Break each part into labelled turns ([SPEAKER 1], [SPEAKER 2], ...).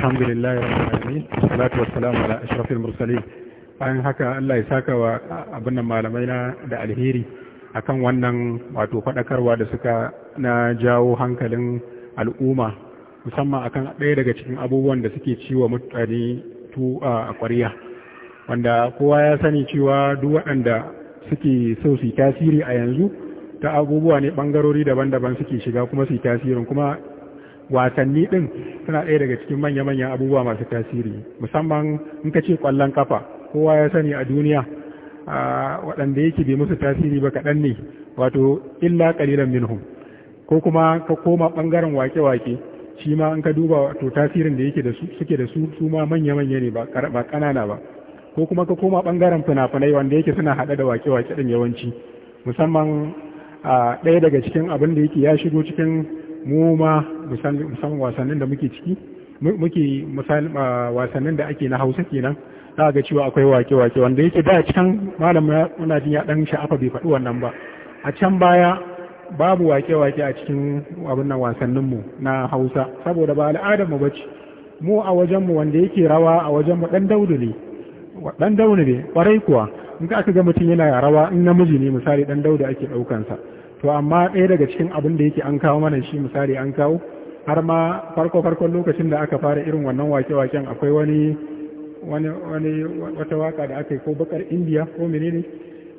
[SPEAKER 1] الحمد لله رب العالمين والسلام على المرسلين bayan haka Allah ya saka wa abin malamai da alheri akan wannan wato faɗakarwa da suka na jawo hankalin al'umma musamman akan ɗaya daga cikin abubuwan da suke ciwa mutane tu a ƙwariya wanda kowa ya sani cewa duk waɗanda suke so su tasiri a yanzu ta abubuwa ne ɓangarori daban-daban suke shiga kuma su tasirin kuma wasanni ɗin suna ɗaya daga cikin manya-manyan abubuwa masu tasiri musamman in ka ce ƙwallon kafa kowa ya sani a duniya waɗanda yake bai musu tasiri ba kaɗan ne wato illa ƙalilan minhum ko kuma ka koma ɓangaren wake-wake shi ma in ka duba wato tasirin da yake da su suke da su su ma manya-manya ne ba ƙanana ba ko kuma ka koma ɓangaren fina-finai wanda yake suna haɗa da wake-wake ɗin yawanci musamman ɗaya daga cikin abin da yake ya shigo cikin mu ma musamman wasannin da muke ciki muke ah, wasannin da ake na hausa kenan za ga cewa akwai wake-wake wanda yake da can malam muna jin ya dan sha'afa bai faɗi wannan ba a can baya babu wake-wake a cikin abin nan wasanninmu na hausa saboda ba al'adar mu bace mu a wajenmu wanda yake rawa a wajenmu dan daudu ne dan daudu ne kwarai kuwa in ka aka ga mutum yana rawa in namiji ne misali dan daudu ake ɗaukansa to amma ɗaya daga cikin abin da yake an kawo mana shi misali an kawo har ma farko-farkon lokacin da aka fara irin wannan wake-waken akwai wani wata waka da aka yi ko bakar indiya ko menene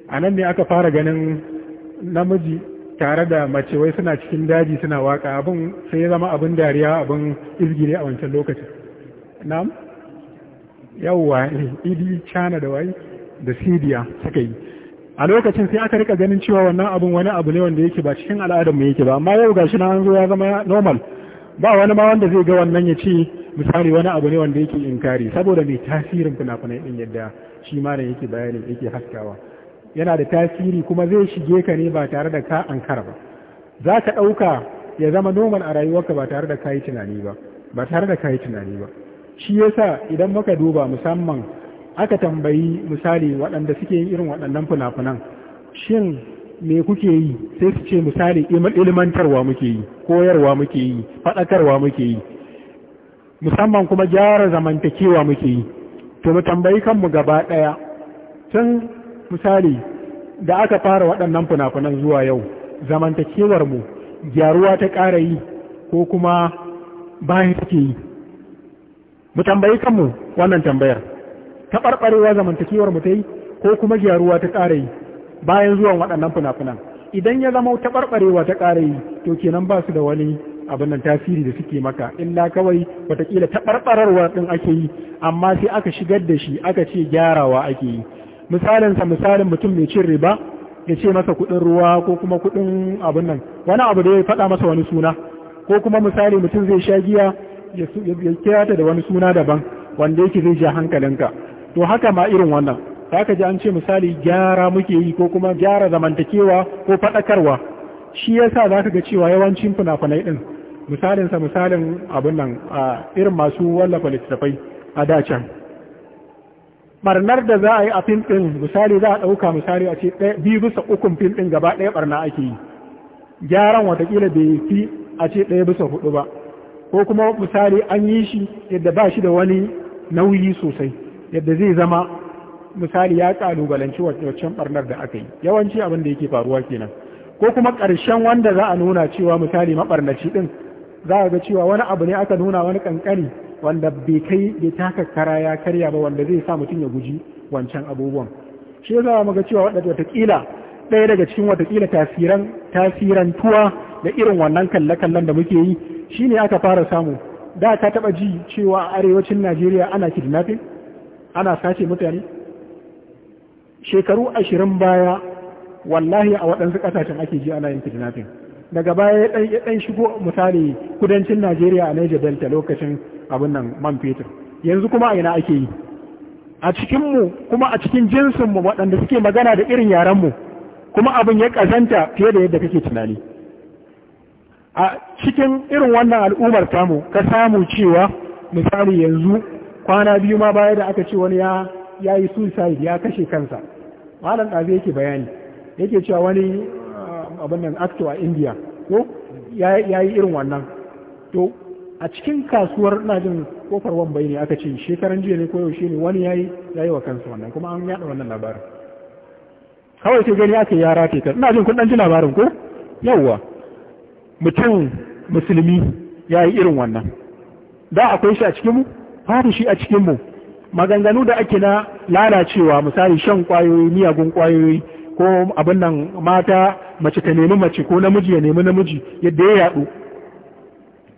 [SPEAKER 1] a nan ne aka fara ganin namiji tare da mace wai suna cikin daji suna waka abin sai ya zama abin dariya abin ne a wancan lokacin nam yawwa eh, idi chana da wai da sidiya suka yi a lokacin sai aka rika ganin cewa wannan abun wani abu ne wanda yake ba cikin al'adar mu yake ba amma yau gashi na an zo ya zama normal ba wani ma wanda zai ga wannan ya ce misali wani abu ne wanda yake inkari saboda mai tasirin fina-finai din yadda shi ma ne yake bayani yake haskawa yana da tasiri kuma zai shige ka ne ba tare da ka ankara ba za ka ɗauka ya zama normal a rayuwarka ba tare da ka yi tunani ba ba tare da ka yi tunani ba shi yasa idan muka duba musamman aka tambayi misali waɗanda suke yin irin waɗannan funafunan shin me kuke yi sai su ce misali ilimantarwa muke yi koyarwa muke yi faɗakarwa muke yi musamman kuma gyara zamantakewa muke yi to mu tambayi kanmu gaba ɗaya tun misali da aka fara waɗannan funafunan zuwa yau zamantakewar mu gyaruwa ta ƙara yi ko kuma bayan take yi mu tambayi kanmu wannan tambayar taɓarɓarewa zamantakewar mu ta yi ko kuma gyaruwa ta ƙara yi bayan zuwan waɗannan fina-finan idan ya zama taɓarɓarewa ta ƙara yi to kenan ba su da wani abin nan tasiri da suke maka illa kawai wataƙila taɓarɓararwa ɗin ake yi amma sai aka shigar da shi aka ce gyarawa ake yi misalinsa misalin mutum mai cin riba ya ce masa kuɗin ruwa ko kuma kuɗin abin nan wani abu da ya faɗa masa wani suna ko kuma misali mutum zai sha giya ya kira ta da wani suna daban wanda yake zai ja hankalinka to haka ma irin wannan haka ji an ce misali gyara muke yi ko kuma gyara zamantakewa ko faɗakarwa shi yasa za ka ga cewa yawancin fina-finai ɗin misalinsa misalin abin nan a irin masu wallafa littattafai a dacen barnar da za a yi a fim ɗin misali za a ɗauka misali a ce biyu bisa ukun fim ɗin gaba ɗaya barna ake yi gyaran watakila bai fi a ce ɗaya bisa hudu ba ko kuma misali an yi shi yadda ba shi da wani nauyi sosai yadda zai zama misali ya kalubalanci waccan barnar da aka yi yawanci abin da yake faruwa kenan ko kuma ƙarshen wanda za a nuna cewa misali maɓarnaci ɗin za a ga cewa wani abu ne aka nuna wani ƙanƙani wanda bai kai da taka kara ya karya ba wanda zai sa mutum ya guji wancan abubuwan shi za mu ga cewa wadda watakila ɗaya daga cikin watakila tasiran tasiran tasirantuwa da irin wannan kalle-kallen da muke yi shine aka fara samu da ka taɓa ji cewa a arewacin najeriya ana kidnapping ana sace mutane shekaru ashirin baya wallahi a waɗansu ƙasashen ake ji ana yin kidnapping daga baya ya ɗan shigo misali kudancin najeriya a niger delta lokacin abin nan man fetur yanzu kuma a ina ake yi a cikinmu kuma a cikin jinsinmu waɗanda suke magana da irin mu kuma abin ya ƙazanta fiye da yadda kake tunani a cikin irin wannan al'ummar tamu ka samu cewa misali yanzu kwana biyu ma baya da aka ce wani ya ya yi suicide ya kashe kansa malam ɗazi yake bayani yake cewa wani ah, abin nan acto a india ko ya yi irin wannan to a cikin kasuwar na jin kofar wambai ne aka ce shekaran jiya ne ko yaushe ne wani ya yi wa kansa wannan kuma an yaɗa wannan labarin kawai sai gani aka yi yara ke kan ina jin kun ji labarin ko yawwa mutum musulmi ya yi irin wannan da akwai shi a cikin mu babu shi a cikinmu maganganu da ake na lalacewa misali shan kwayoyi miyagun kwayoyi ko abin nan mata mace ta nemi mace ko namiji ya nemi namiji yadda ya yadu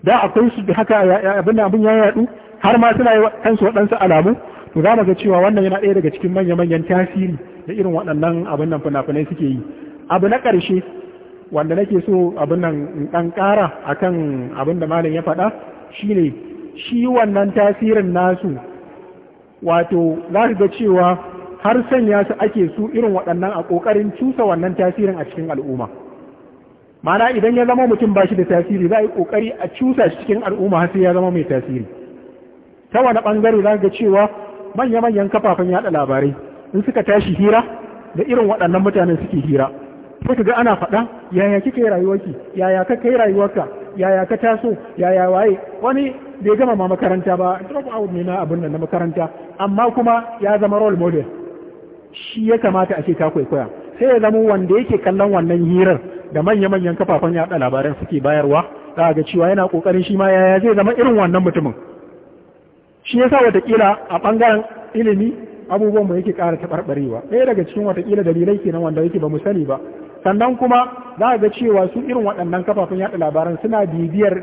[SPEAKER 1] da akwai su haka abin abin ya yadu har ma suna yi kansu waɗansu alamu to za mu ga cewa wannan yana ɗaya daga cikin manya-manyan tasiri da irin waɗannan abin nan fina-finai suke yi abu na ƙarshe wanda nake so abin nan ɗan ƙara akan abin da malam ya faɗa shine shi wannan tasirin nasu wato za su ga cewa har sanya su ake su irin waɗannan a ƙoƙarin cusa wannan tasirin a cikin al'umma mana idan ya zama mutum ba shi da tasiri za a yi ƙoƙari a cusa shi cikin al'umma har sai ya zama mai tasiri ta wani ɓangare za ga cewa manya-manyan kafafen yaɗa labarai in suka tashi hira da irin waɗannan mutanen suke hira sai ka ga ana faɗa yaya kika yi rayuwarki yaya ka kai rayuwarka yaya ka taso yaya waye wani bai gama ma makaranta ba drop out ne na abin nan na makaranta amma kuma ya zama role model shi ya kamata a ce ta kwaikwaya sai ya zama wanda yake kallon wannan hirar da manya-manyan kafafen yaɗa labaran suke bayarwa za ga cewa yana kokarin shi ma yaya zai zama irin wannan mutumin shi ya yasa watakila a bangaren ilimi abubuwan mu yake ƙara taɓarɓarewa ɗaya daga cikin watakila dalilai kenan wanda yake ba mu sani ba sannan kuma za a ga cewa su irin waɗannan kafafen yaɗa labaran suna bibiyar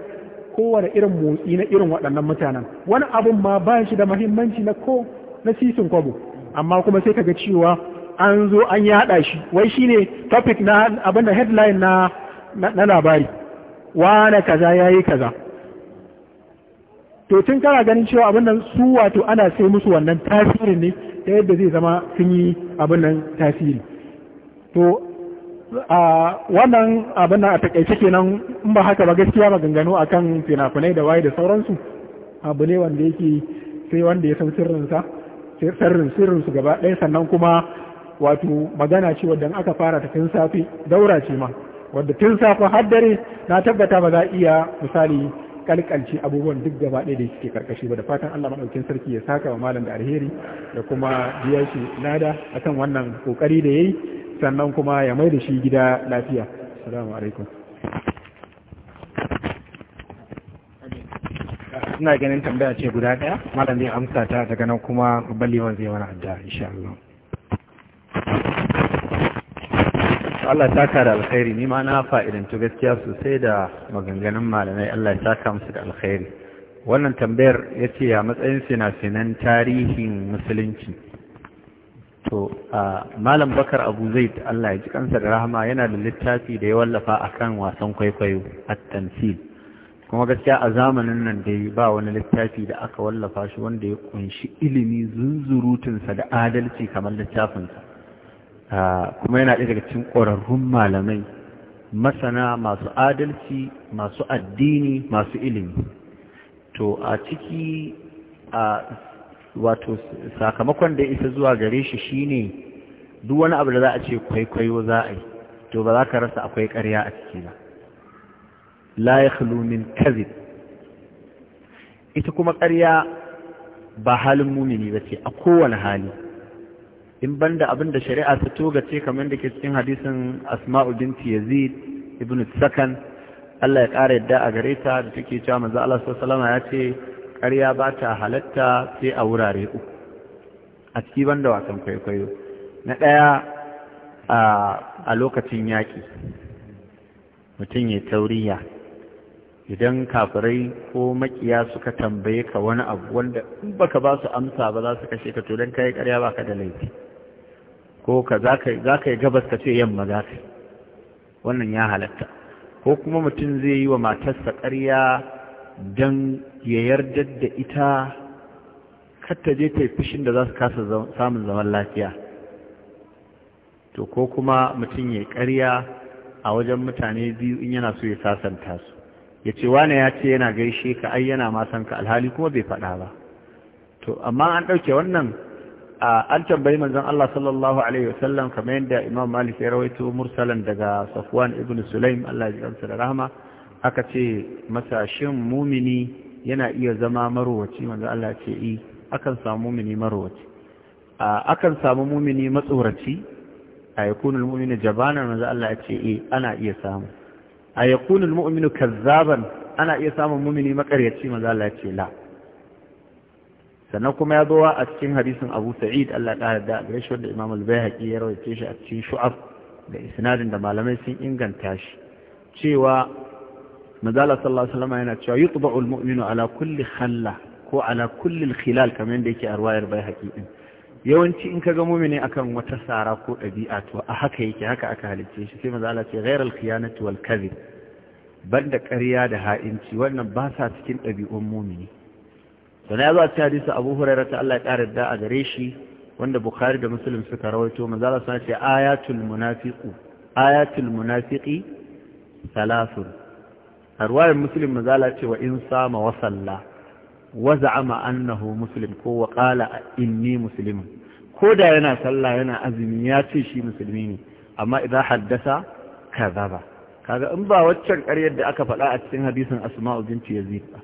[SPEAKER 1] kowane irin motsi na irin waɗannan mutanen wani abin ma ba shi da mahimmanci na ko na sisin kwabo amma kuma sai ka ga cewa an zo an yaɗa shi wai shine topic na abin da headline na na labari wane kaza ya yi kaza to tun kana ganin cewa abin nan su wato ana sai musu wannan tasiri ne ta yadda zai zama sun yi abin nan tasiri to a wannan abin a takaice kenan in ba haka ba gaskiya maganganu akan fina-finai da waye da sauransu abu ne wanda yake sai wanda ya san sirrinsa sirrin sirrinsu gaba ɗaya sannan kuma wato magana ce wadda aka fara ta tun safi daura ce ma wadda tun safi har dare na tabbata ba za iya misali kalkalci abubuwan duk gaba ɗaya da suke karkashi ba da fatan Allah maɗaukin sarki ya saka wa malam da alheri da kuma biya shi lada akan wannan kokari da yayi sannan kuma ya mai da shi gida lafiya Salamu alaikum ina ganin tambaya ce guda daya malam zai amsa ta daga nan kuma balewan zai wani adda insha Allah
[SPEAKER 2] Allah ta da alkhairi ni ma na fa'idantu gaskiya sosai da maganganun malamai Allah ya saka musu da alkhairi wannan tambayar ya ce a matsayin fina tarihin musulunci to malam bakar abu ta allah ya ji kansa da rahama yana da littafi da ya wallafa a kan wasan kwaikwayo a tamsil kuma gaskiya a zamanin nan da ya ba wani littafi da aka wallafa shi wanda ya kunshi ilimi zunzurutunsa da adalci kamar littafinsa kuma yana ɗaya daga cikin ƙwararrun malamai masana masu adalci masu addini masu ilimi to a ciki a wato sakamakon da isa zuwa gare shi shine duk wani abu da za a ce kwaikwayo za a yi to ba za ka rasa akwai karya a ciki ba la khulu min kadhib ita kuma karya ba halin mumini ba ce a kowane hali in banda abin da shari'a ta ce kamar da ke cikin hadisin asma'u binti yazid ibn sakan Allah ya ƙara yadda a gare ta da take cewa manzo Allah sallallahu alaihi wasallam ya ce ƙarya ba ta halatta sai a wurare uku a ciki ban da wasan kwaikwayo na ɗaya a lokacin yaƙi mutum ya tauriya idan kafirai ko makiya suka tambaye ka wani abu wanda in baka ba su amsa ba za su kashe ka to don kai ƙarya baka da laifi ko ka za ka yi gabas ka ce yamma za ka yi? wannan ya halatta ko kuma mutum zai yi wa matarsa ƙarya don ya yarda da ita katta je ta fushin da za su kasa samun zaman lafiya to ko kuma mutum ya karya a wajen mutane biyu in yana so ya sasanta su ya ce wane ya ce yana gaishe ka ai yana masan ka alhali kuma bai faɗa ba to amma an ɗauke wannan an tambayi manzon Allah sallallahu alaihi wasallam kamar yadda Imam Malik ya rawaito mursalan daga Safwan ibn Sulaim Allah ya ji da rahama aka ce masa shin mumini yana iya zama marowaci wanda Allah ce i eh, akan samu mumini marowaci akan samu mumini matsoraci a yakunul mumini jabanan wanda Allah ce i eh, ana iya samu a yakunul mumini kazzaban ana iya samun mumini makaryaci wanda Allah ce la sannan kuma ya zo a cikin hadisin Abu Sa'id Allah ƙara da gaishe wanda Imam Al-Baihaqi ya rawaita shi a cikin Shu'ab da isnadin da malamai sun inganta shi cewa mazala sallallahu alaihi wasallam yana cewa yutba'u almu'minu ala kulli khalla ko ala kulli khilal kamar da yake arwayar ruwayar baihaqi din yawanci in ka ga muminin akan wata sara ko ɗabi'a to a haka yake haka aka halicce shi sai mazala ce ghayra alkhiyanati wal kadhib banda ƙarya da ha'inci wannan ba sa cikin ɗabi'un mumini sannan ya zo a cikin hadisi abu hurairar ta Allah ya ƙara da a gare shi wanda bukhari da muslim suka rawaito manzo Allah sun ce ayatul munafiqu ayatul munafiqi salasun a ruwayar muslim mazala cewa in sama wasalla ma annahu muslim ko wa qala inni muslim ko da yana sallah yana azumi ya ce shi musulmi ne amma idan haddasa kazaba kaga in ba waccan ƙaryar da aka faɗa a cikin hadisin asma'u binti yazid ba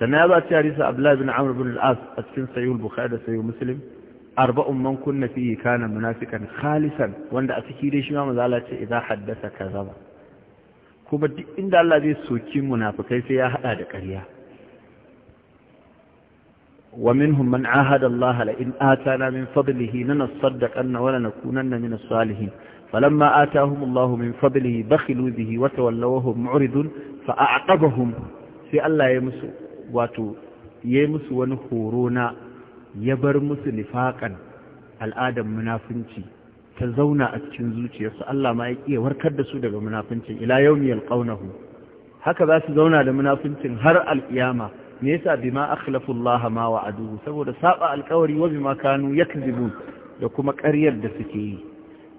[SPEAKER 2] sannan ya zo a cikin hadisin abdullahi bin amr bin al-as a cikin sahih bukhari da sahih muslim arba'un man kunna fihi kana munafiqan khalisan wanda a cikin dai shi ma mazala ce idan haddasa kazaba kuma duk inda Allah zai soki munafikai sai ya haɗa da ƙarya wa minhum man ahada Allah la in atana min fadlihi lanasaddaqanna wa lanakunanna min as-salihin falamma atahum Allah min fadlihi bakhilu bihi wa tawallawhum mu'ridun fa a'qabahum sai Allah ya musu wani horo na ya bar musu nifaqan al'adar munafunci. ta zauna a cikin zuciyarsu Allah ma ya iya warkar da su daga munafincin ila yaumi yalqawnahu haka za su zauna da munafincin har alkiyama me yasa bima akhlafu Allah ma wa'aduhu saboda saba alkawari wa bima kanu yakzibun da kuma ƙaryar da suke yi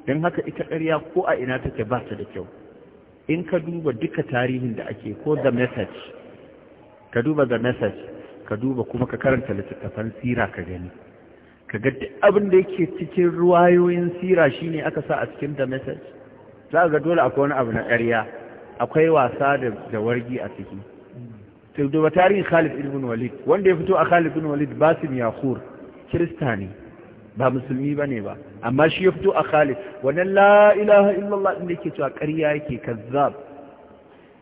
[SPEAKER 2] dan haka ita ƙarya ko a ina take ba ta da kyau in ka duba duka tarihin da ake ko the message ka duba the message ka duba kuma ka karanta littattafan sira ka gani kaga duk abin da yake cikin ruwayoyin sira shine aka sa a cikin the message za ga dole akwai wani abu na ƙarya akwai wasa da wargi a ciki to da tarihin Khalid ibn Walid wanda ya fito a Khalid ibn Walid Basim Yakhur Kirista ne ba musulmi bane ba amma shi ya fito a Khalid wannan la ilaha illallah din da yake cewa ƙarya yake kazzab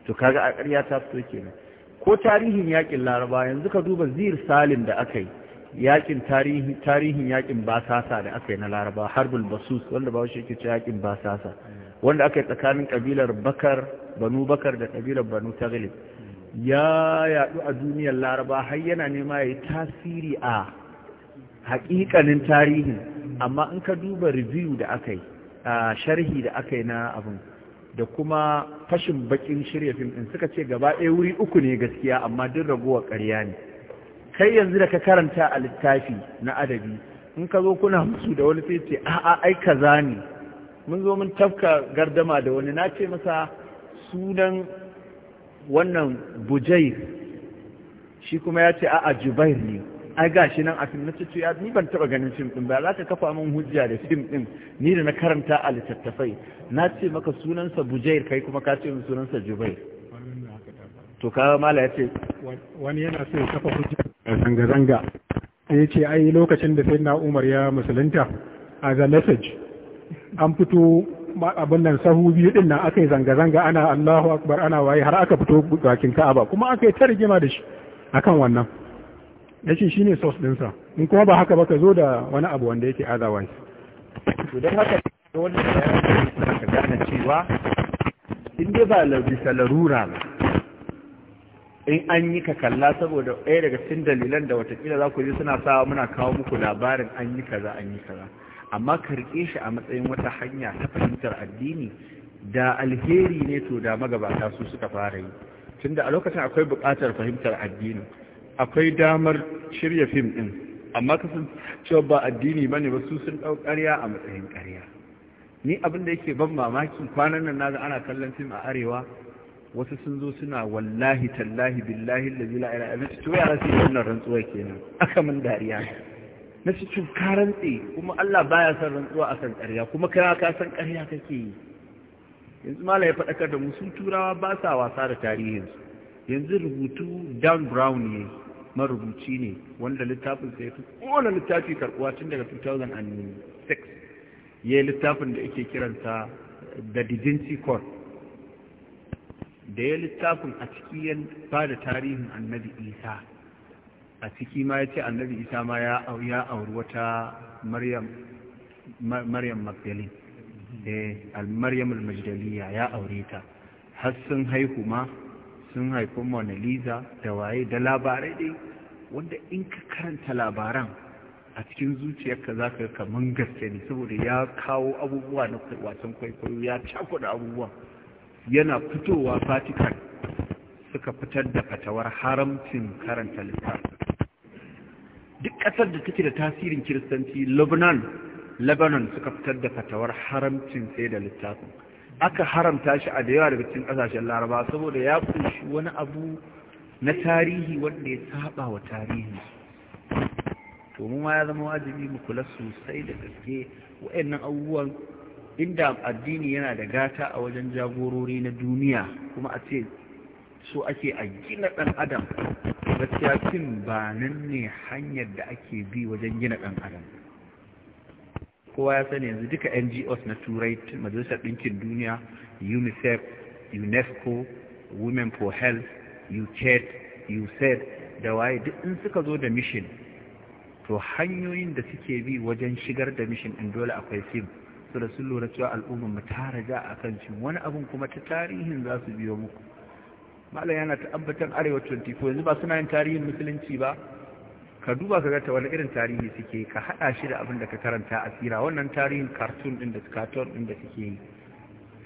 [SPEAKER 2] to kaga a ƙarya ta fito kenan ko tarihin yaƙin Laraba yanzu ka duba Zir Salim da aka yi yakin tarihi tarihin yakin basasa da aka yi na laraba harbul basus wanda ba shi ke ce yakin basasa wanda aka yi tsakanin kabilar bakar banu bakar da kabilar banu taglib ya yadu a duniyar laraba har yana nema ya yi tasiri a hakikanin tarihin amma in ka duba review da aka yi a sharhi da aka yi na abin da kuma fashin bakin shirya fim din suka ce gaba ɗaya wuri uku ne gaskiya amma duk ragowar ƙarya ne kai yanzu da ka karanta a littafi na adabi in ka zo kuna musu da wani sai ce a'a ai kaza ne mun zo mun tafka gardama da wani na ce masa sunan wannan bujair shi kuma ya ce a'a jubair ne ai gashi nan a fim na cikin ya ni ban taba ganin fim din ba za ka kafa min hujja da fim din ni da na karanta a littattafai na ce maka sunansa bujair kai kuma ka ce min sunansa jubair to kawo mala ya ce wani yana so ya
[SPEAKER 1] kafa hujja zanga-zanga ya ce ai lokacin da sai na umar ya musulunta a the message an fito abin nan sahu biyu din nan aka yi zanga-zanga ana allahu akbar ana waye har aka fito bakin ka'aba kuma aka yi ta rigima da shi akan wannan ya ce shi ne sos dinsa. in kuma ba haka ba ka zo da wani abu wanda yake otherwise
[SPEAKER 2] don haka wani da ka gane cewa in ba larura in an yi ka kalla saboda ɗaya daga cikin dalilan da watakila za ku ji suna sawa muna kawo muku labarin an yi kaza an yi kaza amma ka riƙe shi a matsayin wata hanya ta fahimtar addini da alheri ne to da magabata su suka fara yi tunda a lokacin akwai buƙatar fahimtar addini akwai damar shirya fim ɗin amma kasan cewa ba addini ba ne ba su sun ɗau ƙarya a matsayin ƙarya ni abin da yake ban mamaki kwanan nan na ana kallon fim a arewa wasu sun zo suna wallahi tallahi billahi lazi la ilaha illa to yara wannan rantsuwa kenan aka min dariya na su cin ka rantsi kuma Allah baya son rantsuwa akan ƙarya kuma kai ka san ƙarya kake yi yanzu mala ya faɗakar da mu sun turawa ba sa wasa da tarihinsu yanzu rubutu Dan Brown ne marubuci ne wanda littafin ya fi kowane littafi karɓuwa tun daga 2006 ya yi littafin da ake kiransa da Divinity Code da ya littafin a ciki ya ba da tarihin annabi isa a ciki ma ya ce annabi isa ma ya auri wata maryam magdalin da maryam al eh, ya aure ta har sun haihu ma sun haifi mona lisa da waye da labarai dai wanda in ka karanta labaran a cikin zuciyarka za ka kaman gaske ne saboda ya kawo abubuwa na wasan kwaikwayo ya cakuda abubuwa yana fitowa vatican suka fitar da fatawar haramcin karanta littafi. duk ƙasar da take da tasirin kiristanci lebanon lebanon suka fitar da fatawar haramcin sai da littafi. aka haramta shi a da yawa daga cikin ƙasashen laraba saboda ya kunshi wani abu na tarihi wanda ya saba wa tarihi to mu ma ya zama wajibi mu kula sosai da gaske wa'annan abubuwan inda addini yana da gata a wajen jagorori na duniya kuma a ce so ake a gina ɗan adam gaskiya cin ba nan ne hanyar da ake bi wajen gina ɗan adam kowa ya sani yanzu duka ngos na turai majalisar ɗinkin duniya unicef unesco women for health uchat e usaid da waye duk in suka zo da mishin to hanyoyin da suke bi wajen shigar da mishin ɗin dole akwai fim? su da sun lura cewa al'ummar mu ta raja a kan cin wani abun kuma ta tarihin za su biyo muku malam yana ta'abbatan arewa 24 yanzu ba suna yin tarihin musulunci ba ka duba ka ga ta wani irin tarihi suke ka haɗa shi da abin da ka karanta a tsira wannan tarihin cartoon din da cartoon din da suke yi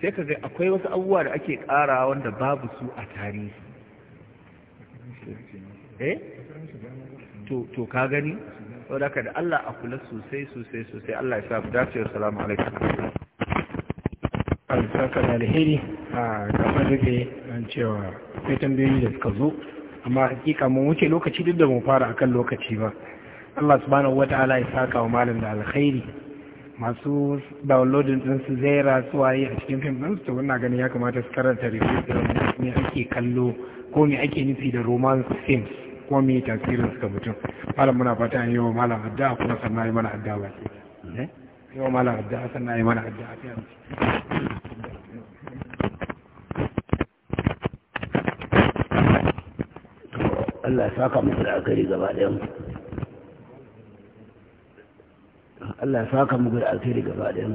[SPEAKER 2] sai ka ga akwai wasu abubuwa da ake ƙara wanda babu su a tarihi eh to to ka gani saboda da Allah a kula sosai sosai sosai Allah ya sa ku dace "Salamu alaikum
[SPEAKER 1] alsaka da alheri a kamar rufe an cewa akwai tambayoyi da suka zo amma hakika mun wuce lokaci duk da mu fara akan lokaci ba Allah subhanahu ta'ala ya saka wa malam da alheri. masu downloading din su zaira waye a cikin fim din su wannan gani ya kamata su karanta review da ne ake kallo ko me ake nufi da romance films kuma mu tasirin suka mutum malam muna fata an yi wa malam addu'a kuma sannan yi mana addu'a ba ke eh? yi wa malam addu'a sannan yi mana addu'a
[SPEAKER 2] ta Allah ya saka muku da akari gaba ɗaya Allah ya saka muku da akari gaba ɗaya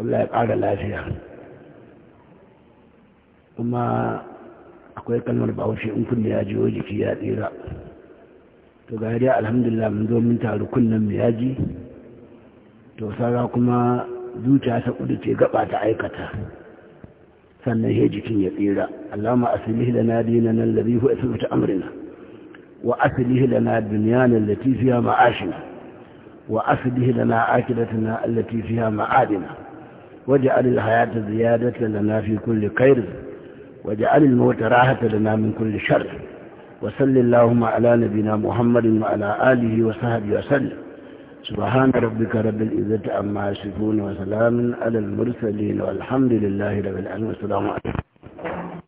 [SPEAKER 2] Allah ya ƙara lafiya kuma akwai kalmar bahaushe in kunne ya jiyo jiki ya tsira to ga dai alhamdulillah mun zo mun taru kunnen mu ya ji to sara kuma zuciya ta kudu ce gaba ta aikata sannan he jikin ya tsira allama aslihi lana dinana alladhi huwa ismatu amrina wa aslihi lana dunyana allati fiha ma'ashina wa aslihi lana akidatana allati fiha ma'adina waj'al alhayata ziyadatan lana fi kulli khairin وجعل الموت راحة لنا من كل شر وصل اللهم على نبينا محمد وعلى آله وصحبه وسلم سبحان ربك رب العزة عما يصفون وسلام على المرسلين والحمد لله رب العالمين والسلام عليكم